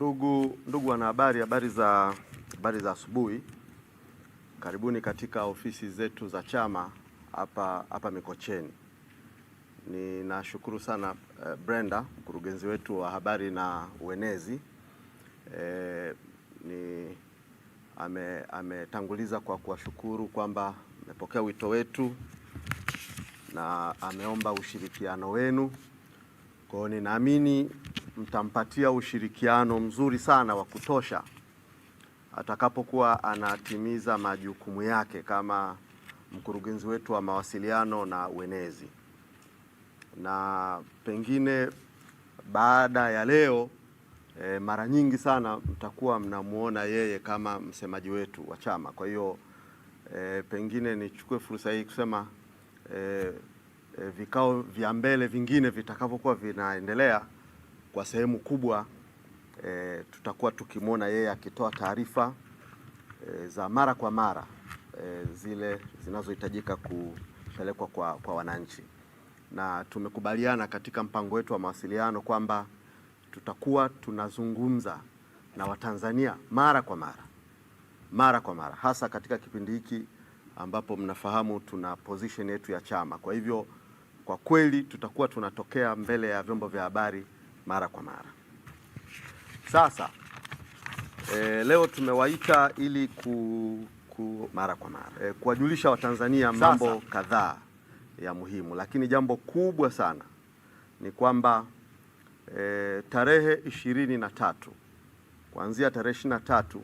Ndugu ndugu wanahabari, habari za habari za asubuhi. Karibuni katika ofisi zetu za chama hapa hapa Mikocheni. Ninashukuru sana eh, Brenda mkurugenzi wetu wa habari na uenezi eh, ni ametanguliza ame kwa kuwashukuru kwamba amepokea wito wetu na ameomba ushirikiano wenu. Kwa hiyo ninaamini mtampatia ushirikiano mzuri sana wa kutosha atakapokuwa anatimiza majukumu yake kama mkurugenzi wetu wa mawasiliano na uenezi. Na pengine baada ya leo e, mara nyingi sana mtakuwa mnamwona yeye kama msemaji wetu wa chama. Kwa hiyo e, pengine nichukue fursa hii kusema e, e, vikao vya mbele vingine vitakavyokuwa vinaendelea kwa sehemu kubwa e, tutakuwa tukimwona yeye akitoa taarifa e, za mara kwa mara e, zile zinazohitajika kupelekwa kwa, kwa wananchi na tumekubaliana katika mpango wetu wa mawasiliano kwamba tutakuwa tunazungumza na Watanzania mara kwa mara mara kwa mara, hasa katika kipindi hiki ambapo mnafahamu tuna position yetu ya chama. Kwa hivyo, kwa kweli tutakuwa tunatokea mbele ya vyombo vya habari mara kwa mara. Sasa e, leo tumewaita ili ku, ku mara kwa mara e, kuwajulisha Watanzania mambo kadhaa ya muhimu, lakini jambo kubwa sana ni kwamba e, tarehe ishirini na tatu kuanzia tarehe ishirini na tatu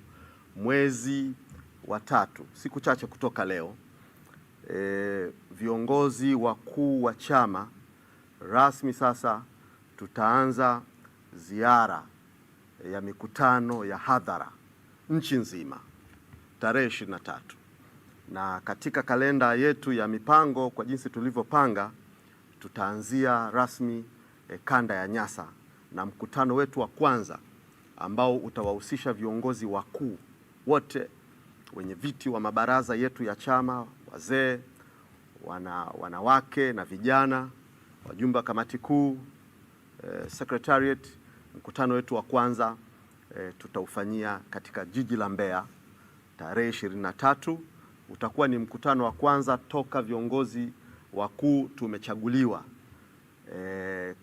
mwezi wa tatu, siku chache kutoka leo e, viongozi wakuu wa chama rasmi sasa tutaanza ziara ya mikutano ya hadhara nchi nzima tarehe ishirini na tatu na katika kalenda yetu ya mipango kwa jinsi tulivyopanga tutaanzia rasmi e, kanda ya Nyasa na mkutano wetu wa kwanza ambao utawahusisha viongozi wakuu wote, wenye viti wa mabaraza yetu ya chama, wazee, wana, wanawake na vijana, wajumbe wa kamati kuu eh, secretariat mkutano wetu wa kwanza eh, tutaufanyia katika jiji la Mbeya tarehe 23. Utakuwa ni mkutano wa kwanza toka viongozi wakuu tumechaguliwa eh,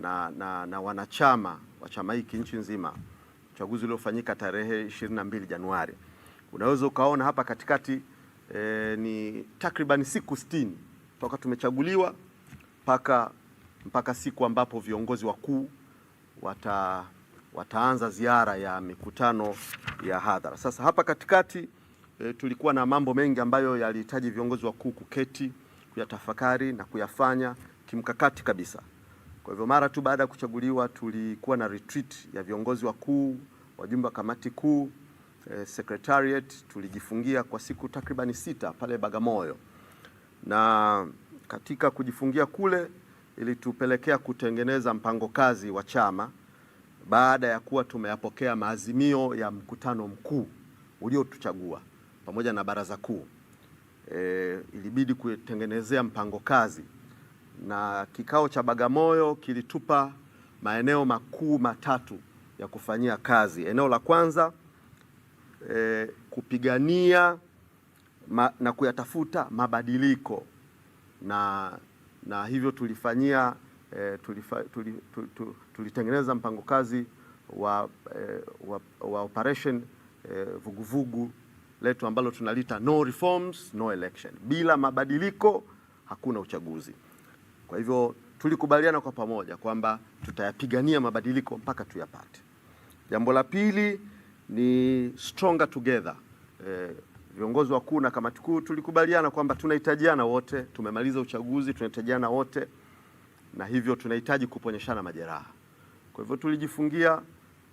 na, na, na wanachama wa chama hiki nchi nzima, uchaguzi uliofanyika tarehe 22 Januari. Unaweza ukaona hapa katikati eh, ni takriban siku 60 toka tumechaguliwa mpaka mpaka siku ambapo viongozi wakuu wata, wataanza ziara ya mikutano ya hadhara. Sasa hapa katikati e, tulikuwa na mambo mengi ambayo yalihitaji viongozi wakuu kuketi kuyatafakari na kuyafanya kimkakati kabisa. Kwa hivyo mara tu baada ya kuchaguliwa tulikuwa na retreat ya viongozi wakuu, wajumbe wa kamati kuu, e, secretariat tulijifungia kwa siku takribani sita pale Bagamoyo, na katika kujifungia kule ilitupelekea kutengeneza mpango kazi wa chama baada ya kuwa tumeyapokea maazimio ya mkutano mkuu uliotuchagua pamoja na baraza kuu. E, ilibidi kutengenezea mpango kazi na kikao cha Bagamoyo kilitupa maeneo makuu matatu ya kufanyia kazi. Eneo la kwanza e, kupigania ma, na kuyatafuta mabadiliko na na hivyo tulifanyia e, tulifa, tu, tu, tu, tulitengeneza mpango kazi wa, e, wa, wa operation e, vuguvugu letu ambalo tunalita no reforms no election, bila mabadiliko hakuna uchaguzi. Kwa hivyo tulikubaliana kwa pamoja kwamba tutayapigania mabadiliko mpaka tuyapate. Jambo la pili ni stronger together e, viongozi wakuu na kamati kuu tulikubaliana kwamba tunahitajiana wote. Tumemaliza uchaguzi, tunahitajiana wote, na hivyo tunahitaji kuponyeshana majeraha. Kwa hivyo tulijifungia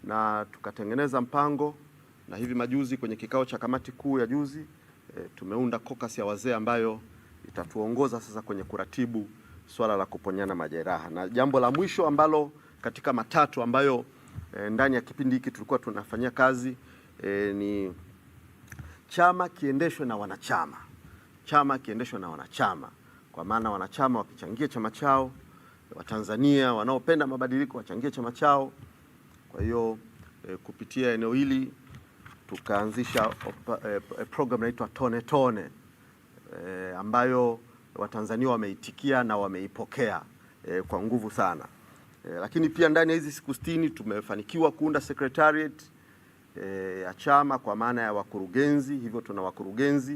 na tukatengeneza mpango, na hivi majuzi kwenye kikao cha kamati kuu ya juzi e, tumeunda kokas ya wazee ambayo itatuongoza sasa kwenye kuratibu swala la kuponyana majeraha. Na jambo la mwisho ambalo katika matatu ambayo e, ndani ya kipindi hiki tulikuwa tunafanyia kazi e, ni chama kiendeshwe na wanachama, chama kiendeshwe na wanachama, kwa maana wanachama wakichangia chama chao, Watanzania wanaopenda mabadiliko wachangie chama chao. Kwa hiyo e, kupitia eneo hili tukaanzisha e, program inaitwa Tone Tone e, ambayo Watanzania wameitikia na wameipokea e, kwa nguvu sana e, lakini pia ndani ya hizi siku sitini tumefanikiwa kuunda secretariat e, ya chama kwa maana ya wakurugenzi. Hivyo tuna wakurugenzi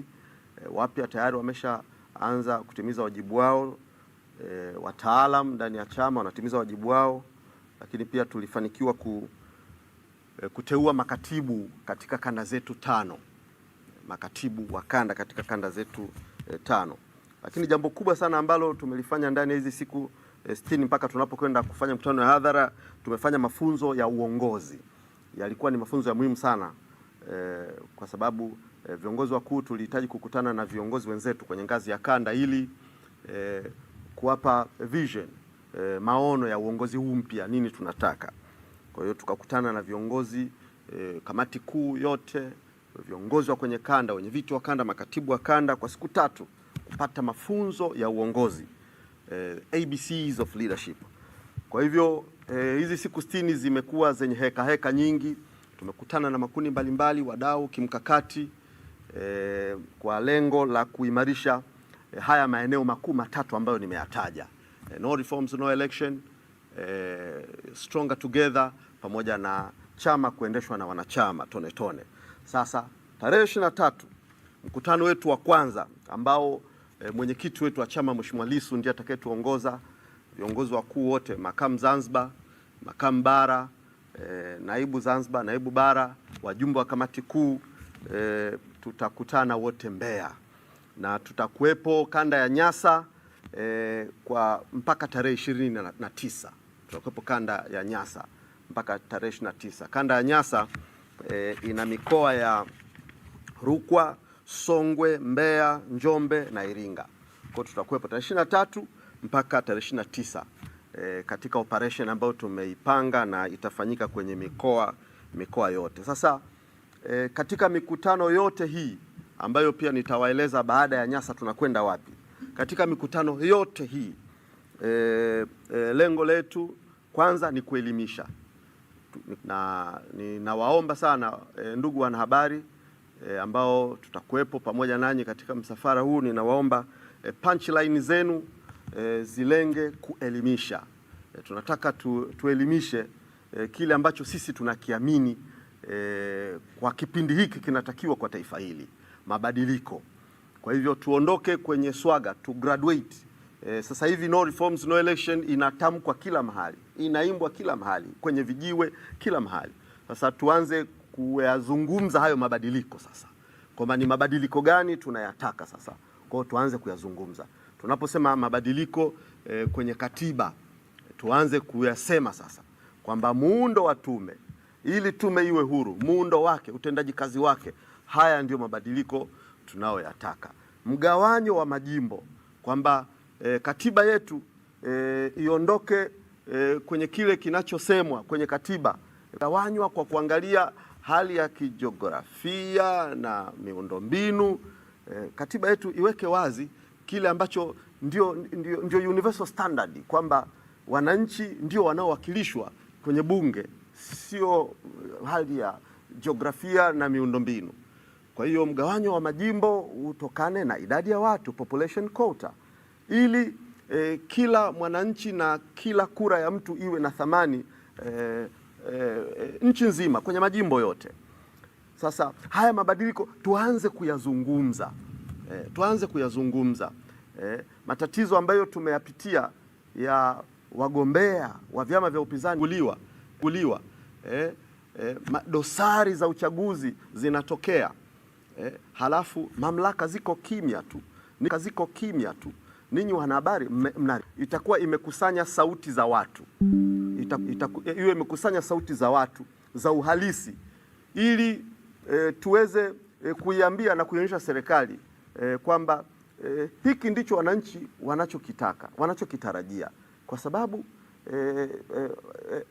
e, wapya tayari wameshaanza kutimiza wajibu wao. E, wataalam ndani ya chama wanatimiza wajibu wao, lakini pia tulifanikiwa ku, e, kuteua makatibu katika kanda zetu tano, makatibu wa kanda katika kanda zetu e, tano. Lakini jambo kubwa sana ambalo tumelifanya ndani ya hizi siku e, sitini mpaka tunapokwenda kufanya mkutano wa hadhara, tumefanya mafunzo ya uongozi yalikuwa ni mafunzo ya muhimu sana e, kwa sababu e, viongozi wakuu tulihitaji kukutana na viongozi wenzetu kwenye ngazi ya kanda ili e, kuwapa vision e, maono ya uongozi huu mpya, nini tunataka. Kwa hiyo tukakutana na viongozi e, kamati kuu yote, viongozi wa kwenye kanda, wenye viti wa kanda, makatibu wa kanda kwa siku tatu kupata mafunzo ya uongozi e, ABCs of leadership. Kwa hivyo e, hizi siku sitini zimekuwa zenye heka heka nyingi. Tumekutana na makundi mbalimbali, wadau kimkakati e, kwa lengo la kuimarisha e, haya maeneo makuu matatu ambayo nimeyataja: e, no reforms no election, e, stronger together pamoja na chama kuendeshwa na wanachama tone tone. Sasa tarehe ishirini na tatu mkutano wetu wa kwanza ambao e, mwenyekiti wetu wa chama Mheshimiwa Lissu ndiye atakayetuongoza viongozi wakuu wote, makamu Zanzibar, makamu bara e, naibu Zanzibar, naibu bara, wajumbe wa kamati kuu e, tutakutana wote Mbeya na tutakuwepo kanda ya Nyasa e, kwa mpaka tarehe ishirini na tisa tutakuwepo kanda ya Nyasa mpaka tarehe ishirini na tisa. Kanda ya Nyasa e, ina mikoa ya Rukwa, Songwe, Mbeya, Njombe na Iringa. Kwa tutakuwepo tarehe ishirini na tatu mpaka tarehe ishirini tisa e, katika operation ambayo tumeipanga na itafanyika kwenye mikoa mikoa yote. Sasa e, katika mikutano yote hii ambayo pia nitawaeleza baada ya Nyasa tunakwenda wapi. Katika mikutano yote hii e, e, lengo letu kwanza ni kuelimisha na ninawaomba sana e, ndugu wanahabari e, ambao tutakuwepo pamoja nanyi katika msafara huu, ninawaomba e, punchline zenu e, zilenge kuelimisha e, tunataka tu, tuelimishe e, kile ambacho sisi tunakiamini e, kwa kipindi hiki kinatakiwa kwa taifa hili mabadiliko. Kwa hivyo tuondoke kwenye swaga tu graduate e, sasa hivi no reforms no election inatamkwa kila mahali, inaimbwa kila mahali, kwenye vijiwe kila mahali. Sasa tuanze kuyazungumza hayo mabadiliko sasa, kwamba ni mabadiliko gani tunayataka sasa kwao, tuanze kuyazungumza. Tunaposema mabadiliko e, kwenye katiba tuanze kuyasema sasa kwamba muundo wa tume, ili tume iwe huru, muundo wake, utendaji kazi wake, haya ndiyo mabadiliko tunayoyataka. Mgawanyo wa majimbo kwamba e, katiba yetu e, iondoke e, kwenye kile kinachosemwa kwenye katiba, gawanywa kwa kuangalia hali ya kijiografia na miundombinu. E, katiba yetu iweke wazi kile ambacho ndio, ndio, ndio universal standard kwamba wananchi ndio wanaowakilishwa kwenye bunge, sio hali ya jiografia na miundombinu. Kwa hiyo mgawanyo wa majimbo utokane na idadi ya watu, population quota, ili eh, kila mwananchi na kila kura ya mtu iwe na thamani eh, eh, nchi nzima kwenye majimbo yote. Sasa haya mabadiliko tuanze kuyazungumza eh, tuanze kuyazungumza eh, matatizo ambayo tumeyapitia ya wagombea wa vyama vya upinzani kuliwa kuliwa eh, eh, dosari za uchaguzi zinatokea eh, halafu mamlaka ziko kimya tu, ziko kimya tu. Ninyi wanahabari itakuwa imekusanya sauti za watu eh, iwe imekusanya sauti za watu za uhalisi ili e, tuweze e, kuiambia na kuionyesha serikali eh, kwamba eh, hiki ndicho wananchi wanachokitaka wanachokitarajia, kwa sababu eh, eh,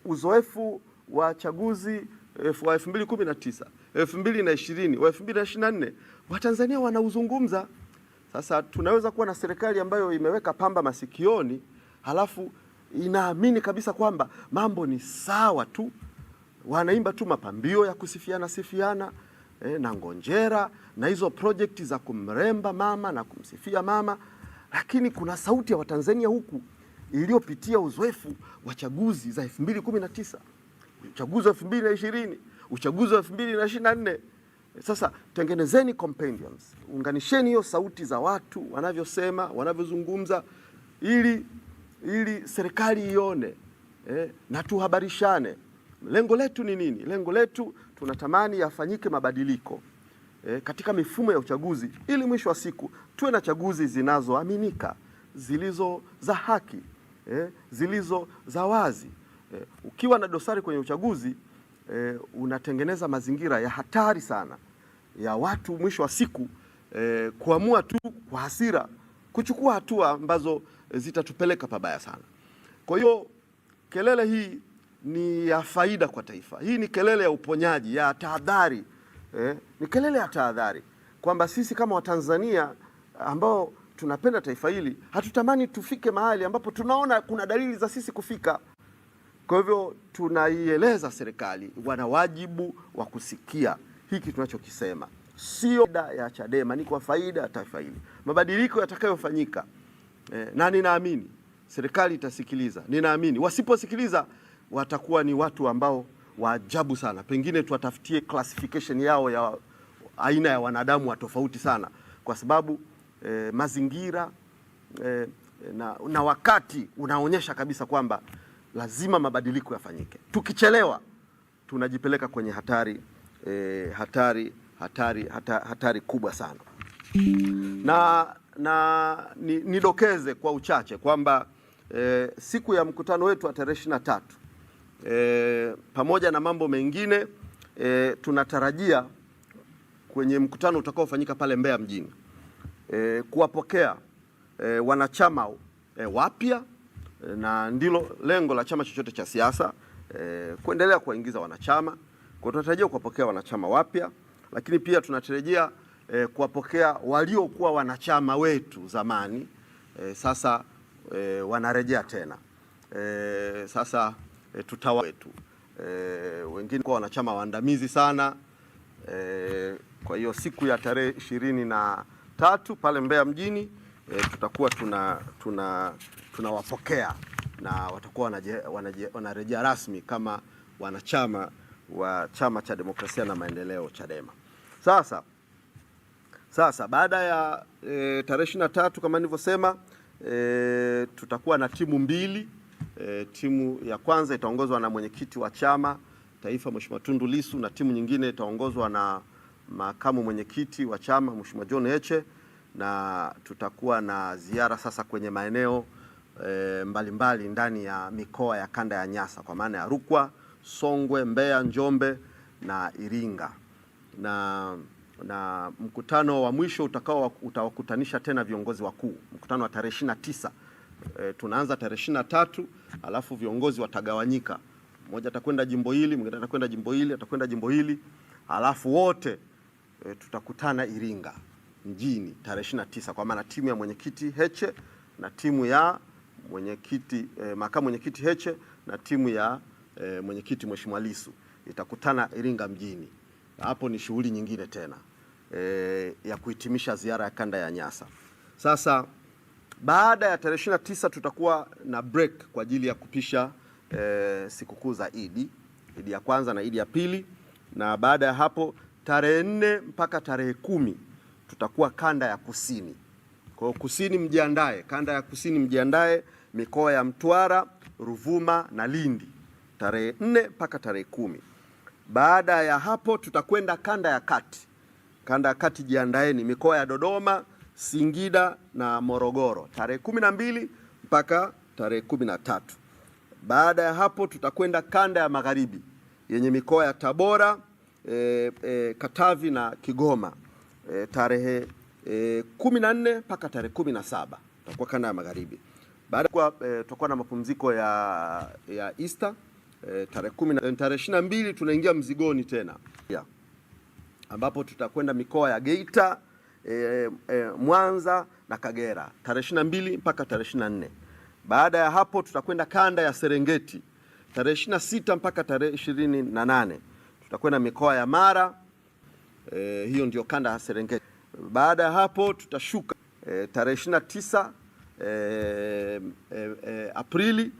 uzoefu wa chaguzi eh, wa 2019, 2020, wa 2024 Watanzania wanauzungumza. Sasa tunaweza kuwa na serikali ambayo imeweka pamba masikioni halafu inaamini kabisa kwamba mambo ni sawa tu, wanaimba tu mapambio ya kusifiana sifiana eh, na ngonjera na hizo projekti za kumremba mama na kumsifia mama, lakini kuna sauti ya Watanzania huku iliyopitia uzoefu wa chaguzi za 2019, uchaguzi wa 2020, uchaguzi wa 2024. Sasa tengenezeni compendiums, unganisheni hiyo sauti za watu wanavyosema, wanavyozungumza ili ili serikali ione eh, na tuhabarishane. Lengo letu ni nini? Lengo letu tunatamani yafanyike mabadiliko e, katika mifumo ya uchaguzi ili mwisho wa siku tuwe na chaguzi zinazoaminika, zilizo za haki e, zilizo za wazi e. Ukiwa na dosari kwenye uchaguzi e, unatengeneza mazingira ya hatari sana ya watu mwisho wa siku e, kuamua tu kwa hasira kuchukua hatua ambazo zitatupeleka pabaya sana. Kwa hiyo kelele hii ni ya faida kwa taifa. Hii ni kelele ya uponyaji ya tahadhari eh, ni kelele ya tahadhari kwamba sisi kama Watanzania ambao tunapenda taifa hili hatutamani tufike mahali ambapo tunaona kuna dalili za sisi kufika. Kwa hivyo tunaieleza serikali, wana wajibu wa kusikia hiki tunachokisema, sio faida ya Chadema, ni kwa faida ya taifa hili. Mabadiliko yatakayofanyika eh, na ninaamini serikali itasikiliza, ninaamini wasiposikiliza watakuwa ni watu ambao waajabu sana, pengine tuwatafutie classification yao ya aina ya wanadamu wa tofauti sana, kwa sababu eh, mazingira eh, na, na wakati unaonyesha kabisa kwamba lazima mabadiliko yafanyike. Tukichelewa tunajipeleka kwenye hatari eh, hatari hatari hata, hatari kubwa sana na, na nidokeze ni kwa uchache kwamba eh, siku ya mkutano wetu wa tarehe ishirini na tatu e, pamoja na mambo mengine e, tunatarajia kwenye mkutano utakaofanyika pale Mbeya mjini e, kuwapokea e, wanachama e, wapya e, na ndilo lengo la chama chochote cha siasa e, kuendelea kuwaingiza wanachama kwa, tunatarajia kuwapokea wanachama wapya, lakini pia tunatarajia e, kuwapokea waliokuwa wanachama wetu zamani e, sasa e, wanarejea tena e, sasa e, tutawa wetu e, wengine kwa wanachama waandamizi sana e, kwa hiyo siku ya tarehe ishirini na tatu pale Mbeya mjini e, tutakuwa tunawapokea tuna, tunawapokea na watakuwa wanarejea rasmi kama wanachama wa Chama cha Demokrasia na Maendeleo Chadema. Sasa sasa baada ya e, tarehe ishirini na tatu kama nilivyosema, e, tutakuwa na timu mbili E, timu ya kwanza itaongozwa na mwenyekiti wa chama taifa Mheshimiwa Tundu Lissu na timu nyingine itaongozwa na makamu mwenyekiti wa chama Mheshimiwa John Heche, na tutakuwa na ziara sasa kwenye maeneo e, mbalimbali ndani ya mikoa ya kanda ya Nyasa kwa maana ya Rukwa, Songwe, Mbeya, Njombe na Iringa na na mkutano wa mwisho utakao utawakutanisha tena viongozi wakuu, mkutano wa tarehe 29 e, tunaanza tarehe ishirini na tatu alafu viongozi watagawanyika, mmoja atakwenda jimbo hili, mwingine atakwenda jimbo hili, atakwenda jimbo hili, alafu wote e, tutakutana Iringa mjini tarehe ishirini na tisa kwa maana timu ya mwenyekiti Heche na timu ya mwenyekiti e, makamu mwenyekiti Heche na timu ya e, mwenyekiti Mheshimiwa Lisu itakutana Iringa mjini. Hapo ni shughuli nyingine tena e, ya kuhitimisha ziara ya kanda ya Nyasa sasa baada ya tarehe 29 tutakuwa na break kwa ajili ya kupisha e, sikukuu za Idi, Idi ya kwanza na Idi ya pili, na baada ya hapo tarehe nne mpaka tarehe kumi tutakuwa kanda ya kusini. Kwa hiyo kusini mjiandae, kanda ya kusini mjiandae, mikoa ya Mtwara, Ruvuma na Lindi tarehe nne mpaka tarehe kumi. Baada ya hapo tutakwenda kanda ya kati, kanda ya kati jiandaeni, mikoa ya Dodoma Singida na Morogoro tarehe kumi na mbili mpaka tarehe kumi na tatu. Baada ya hapo tutakwenda kanda ya magharibi yenye mikoa ya Tabora e, e, Katavi na Kigoma e, tarehe e, kumi na nne mpaka tarehe kumi na saba tutakuwa kanda ya magharibi. Baada kwa e, tutakuwa na mapumziko ya, ya Easter e, tarehe kumi na tarehe ishirini na mbili tunaingia mzigoni tena yeah, ambapo tutakwenda mikoa ya Geita e, e, Mwanza na Kagera tarehe ishirini mbili mpaka tarehe ishirini nne. Baada ya hapo tutakwenda kanda ya Serengeti tarehe ishirini sita mpaka tarehe 28 na nane. Tutakwenda mikoa ya Mara e, hiyo ndio kanda ya Serengeti. Baada ya hapo tutashuka e, tarehe ishirini e, e, e, Aprili.